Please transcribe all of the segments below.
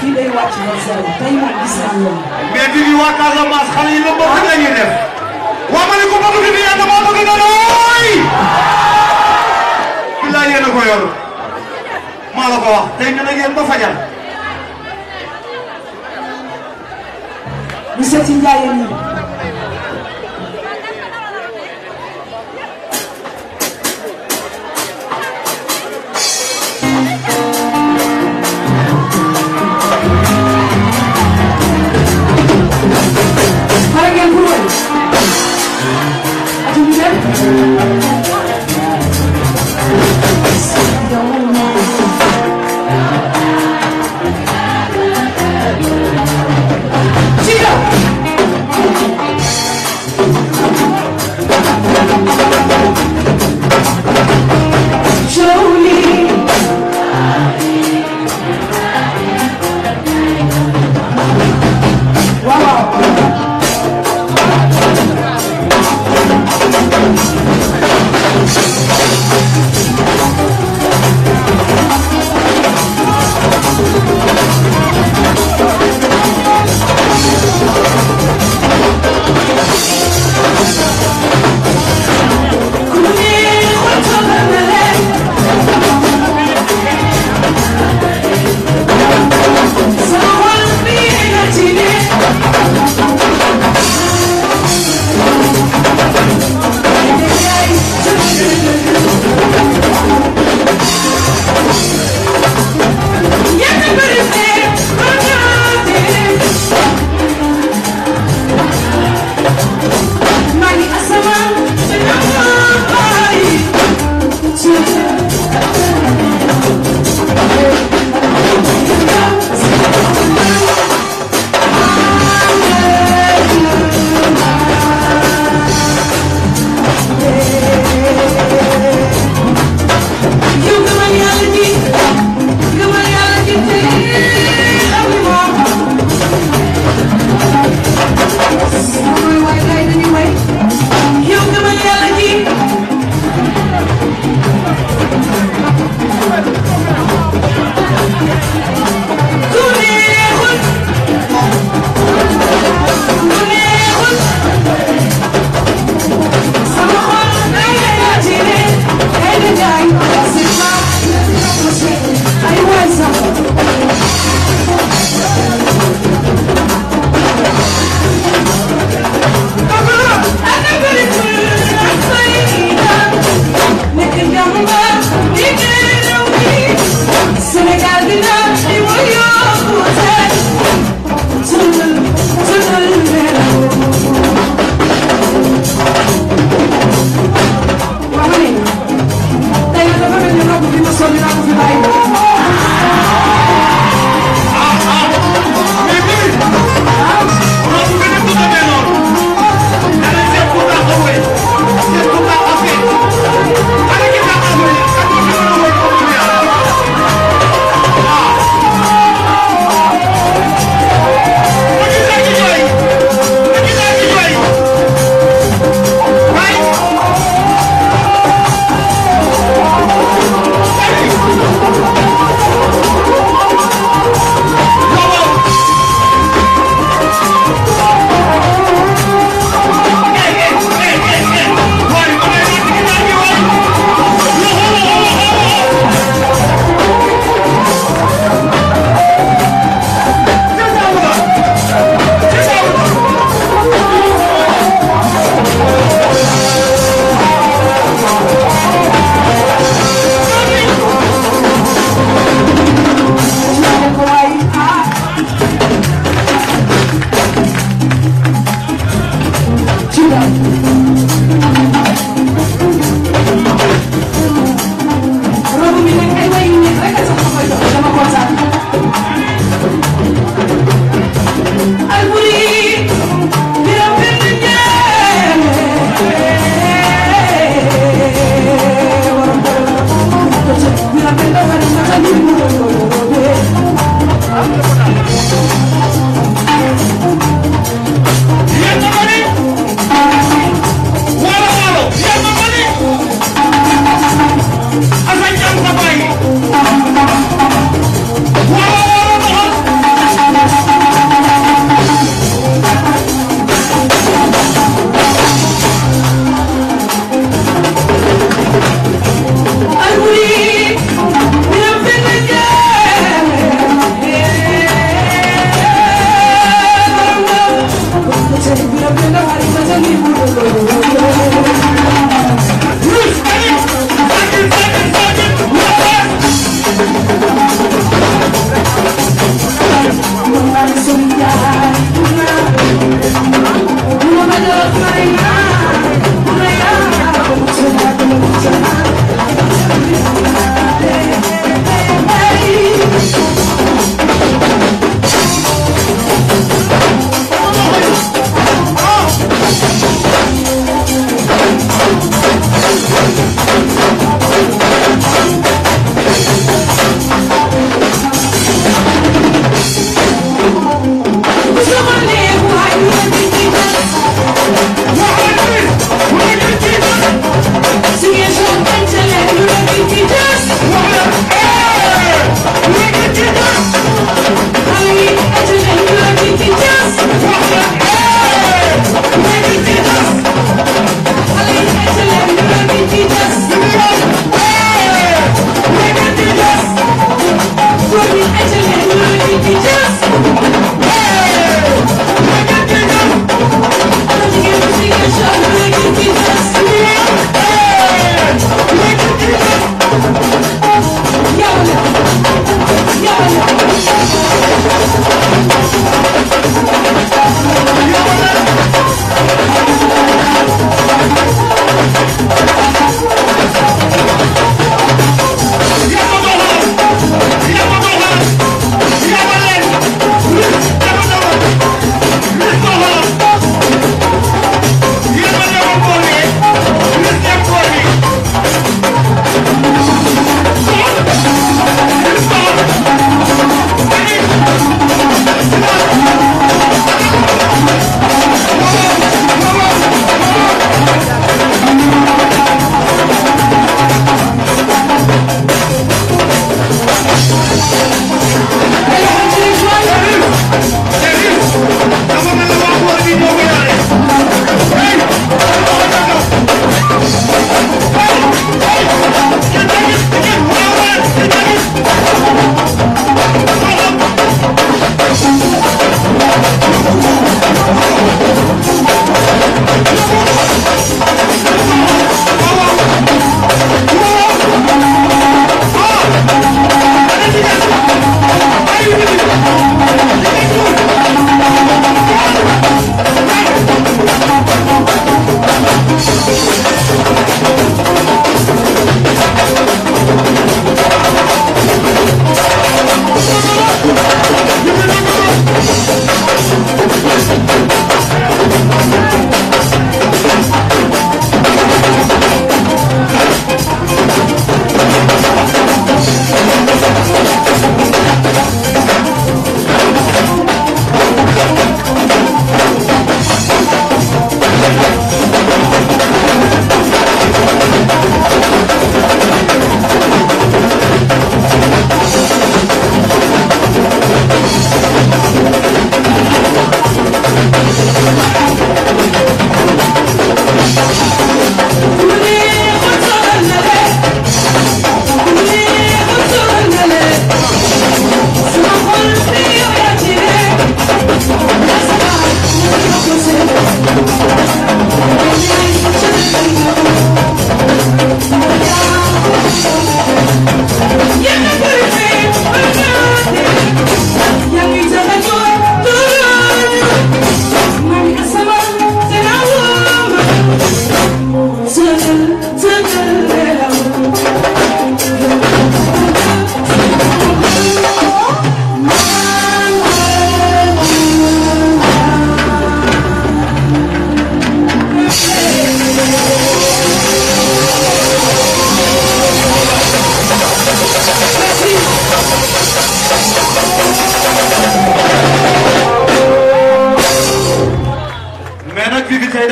fii lay wàcc ba zéro tey moom gis naa loolu. mais di di waa xale yi lan bëgg la ñuy waa ma ne ko bëgg di yàlla maa bëgg na looy. billaay yéen a ko yor maa la ko wax tey ñu ba fajal.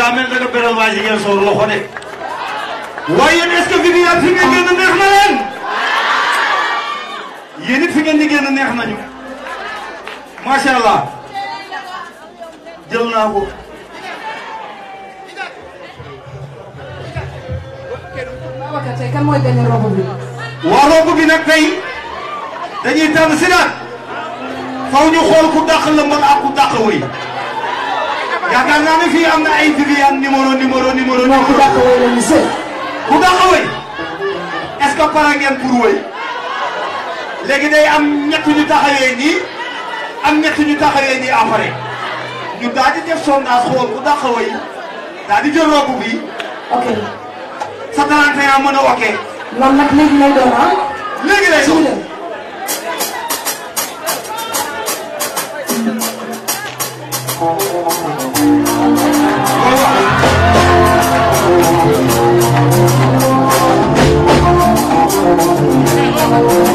daa mel ne que beneen waa jigéen soor loxo de waaye yéen est-ce que vidéo fi ngeen génn neex na leen yéen it fi ngeen di génn neex nañu macha allah jël naa ko. waaw tey kan mooy gagné robe bi. waaw robe bi nag tey dañuy tànn si naan faw ñu xool ku dàq la mën ak ku dàq wëy. yaakaar naa ne fii am na ay Viviane numéro numéro numéro. non ku dàq wéy la ñu sëy. ku dàq wéy est-ce que pare ngeen pour wéy léegi day am ñett ñu taxawee nii am ñett ñu taxawee nii après ñu daal di def sondage xool ku dàq wéy daal di jël robe bi. ok. sa 31 mën a ok. loolu nag léegi lay doon ah. léegi lay doon Thank you.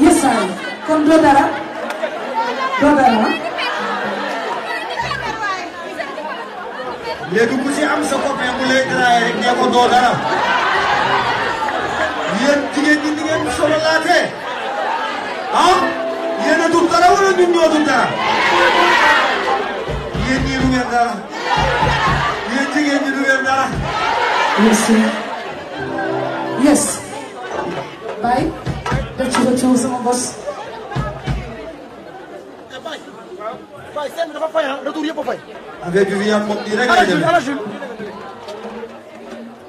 yes I. kon doo dara doo dara léegi ku ci am sa copain bu lay traay rek nee ko doo dara yéen jigéen ñi ni ngeen solo laatee ah yéen a dul dara wala ñun ñoo dul dara yéen ñii du ngeen dara yéen jigéen yes yes bye put two, someone was. Avec Vivian Pop direct.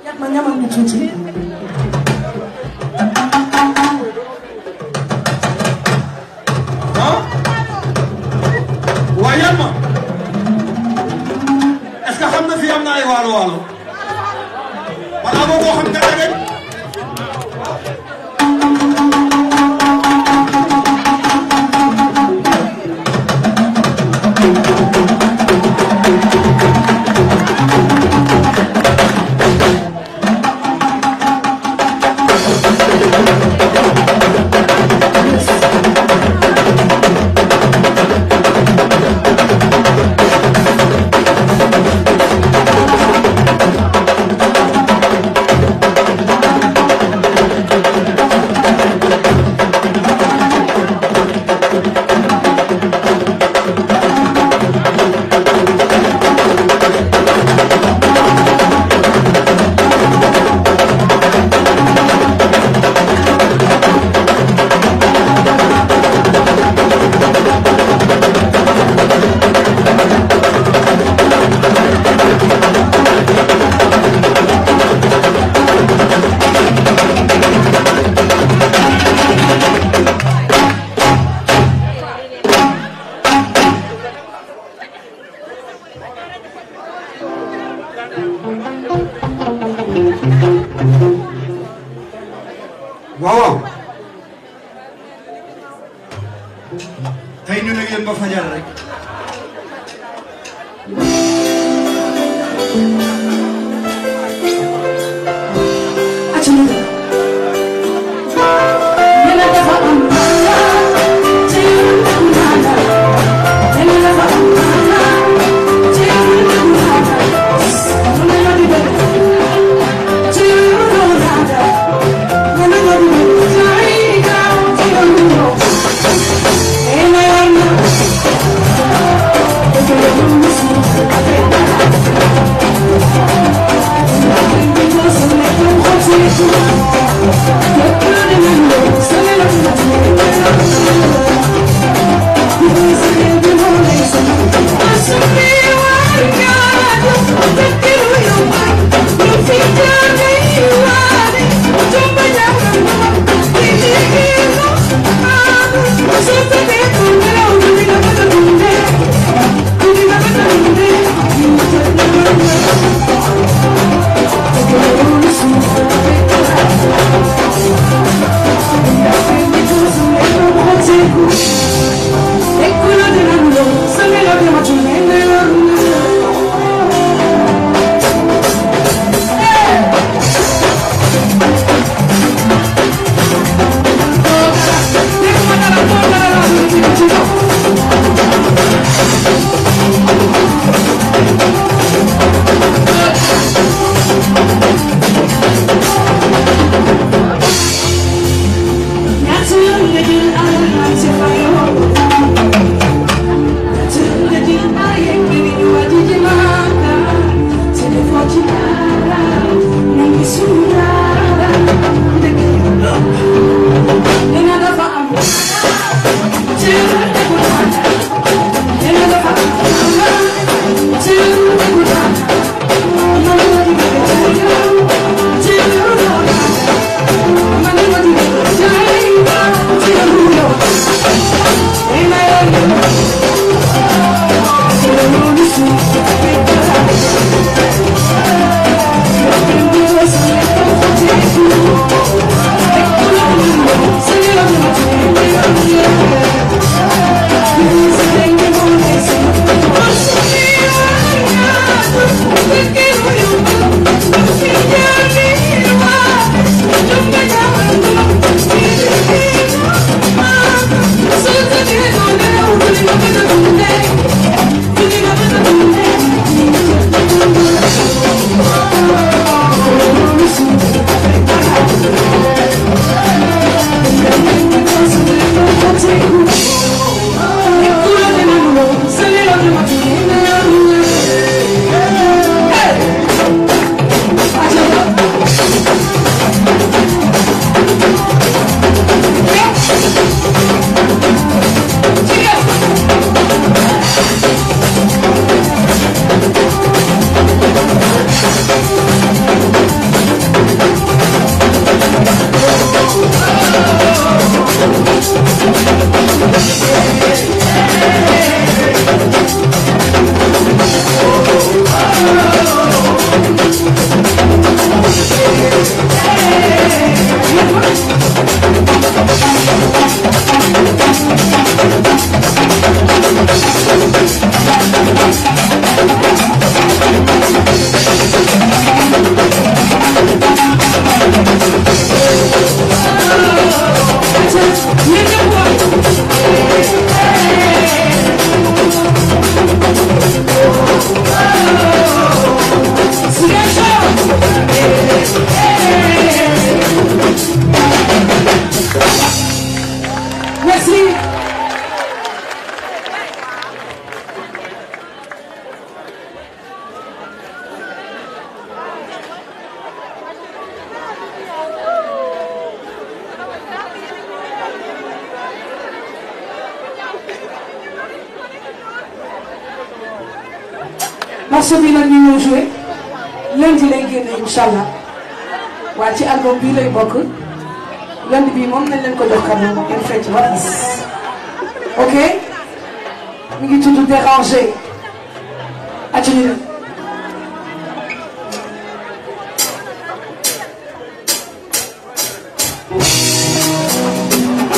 Yaman Yaman Mitouti. Hein? Wayama. Est-ce que Hamna Fiamna est Walo Walo? Voilà, vous, Hamna Fiamna.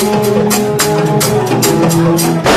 Thank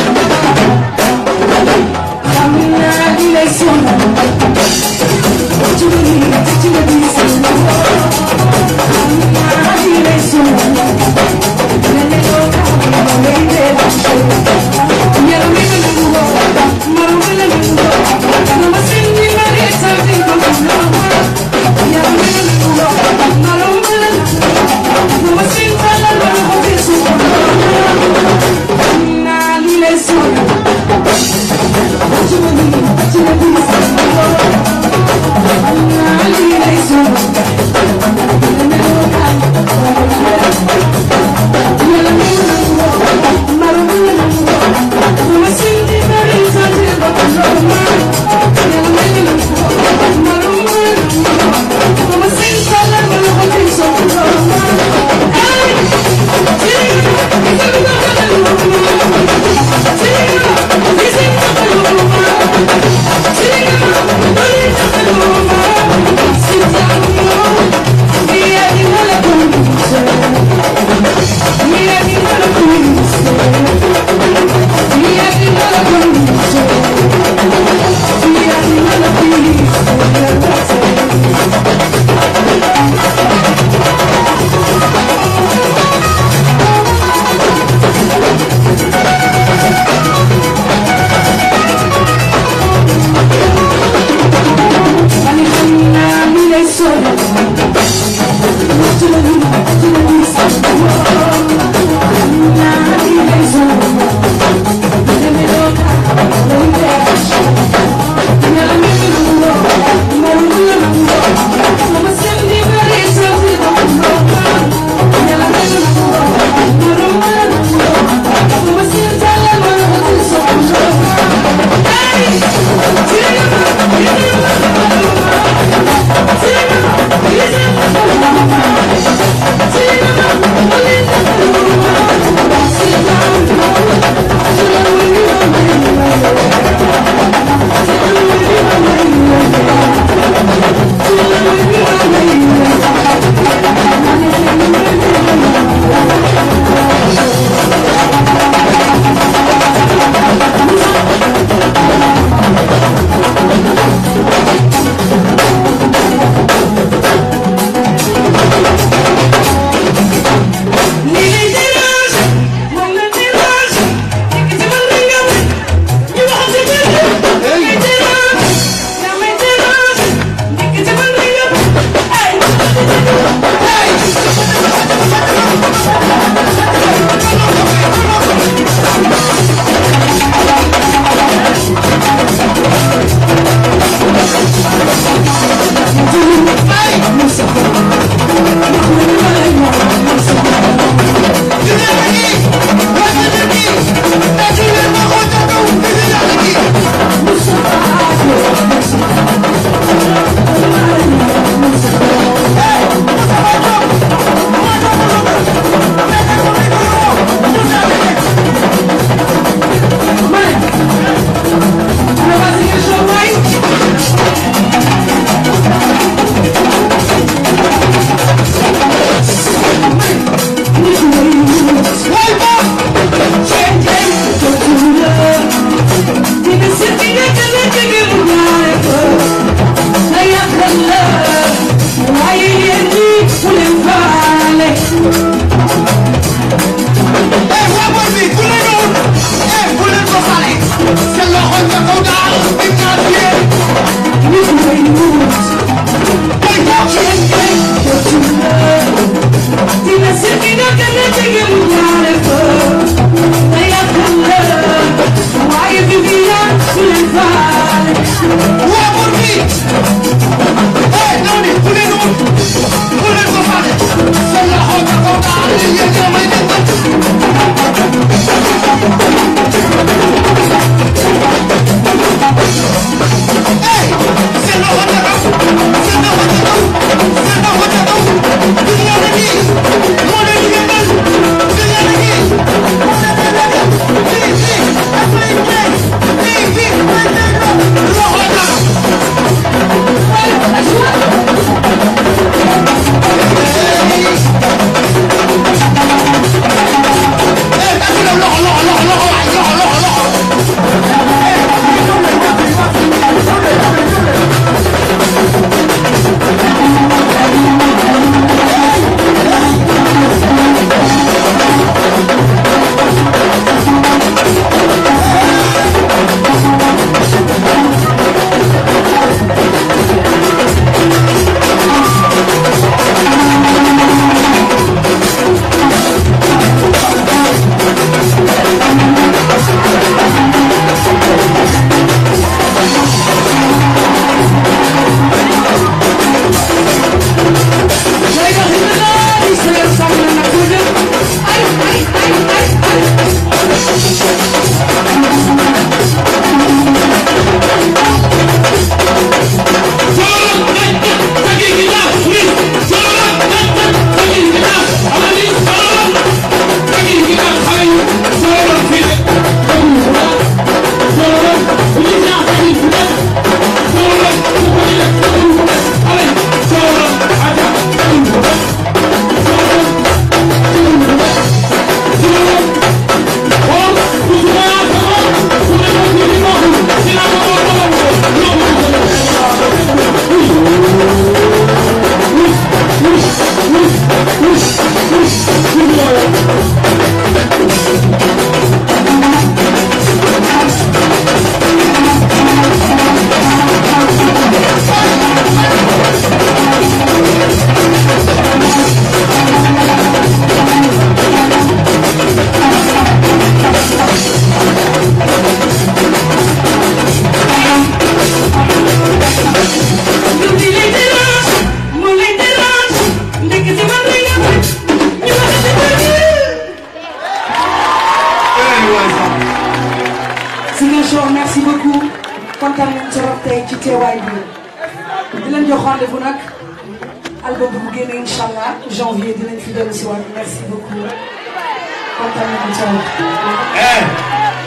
Eh,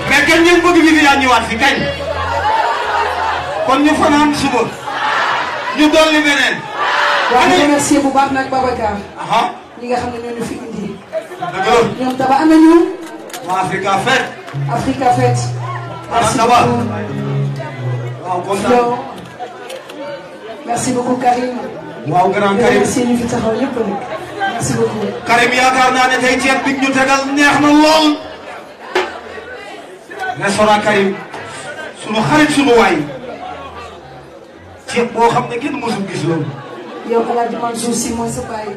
mais kañ ngeen bëgg Viviane ñëwaat fi kañ. kon ñu fanaan suba. ñu dolli beneen. waaw ñu remercier bu baax nag Babacar. ñi nga xam ne ñoo ñu fi indi. dëgg ñoom daba am nañu. waa Africa Fête. Africa Fête. merci beaucoup waaw kontaan merci beaucoup Karim. waaw grand Karim merci ñu fi merci beaucoup. Karim yaakaar naa ne tey ceeb bi ñu tegal neex na lool. restaurant xarit sunu waay ceeb boo xam ne kenn mësul gis loolu. yow El Hadj Mansour Sy mooy sa baay.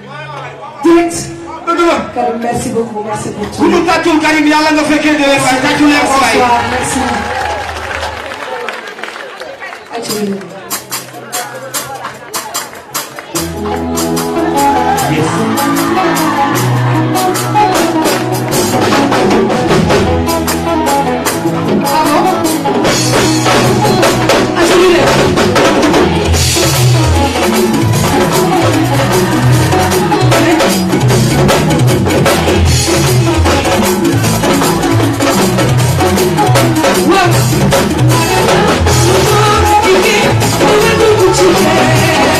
direct. dëgg la Karim merci beaucoup merci beaucoup. bu ñu tàccul Karim yàlla nga 이게 오늘도 붙이네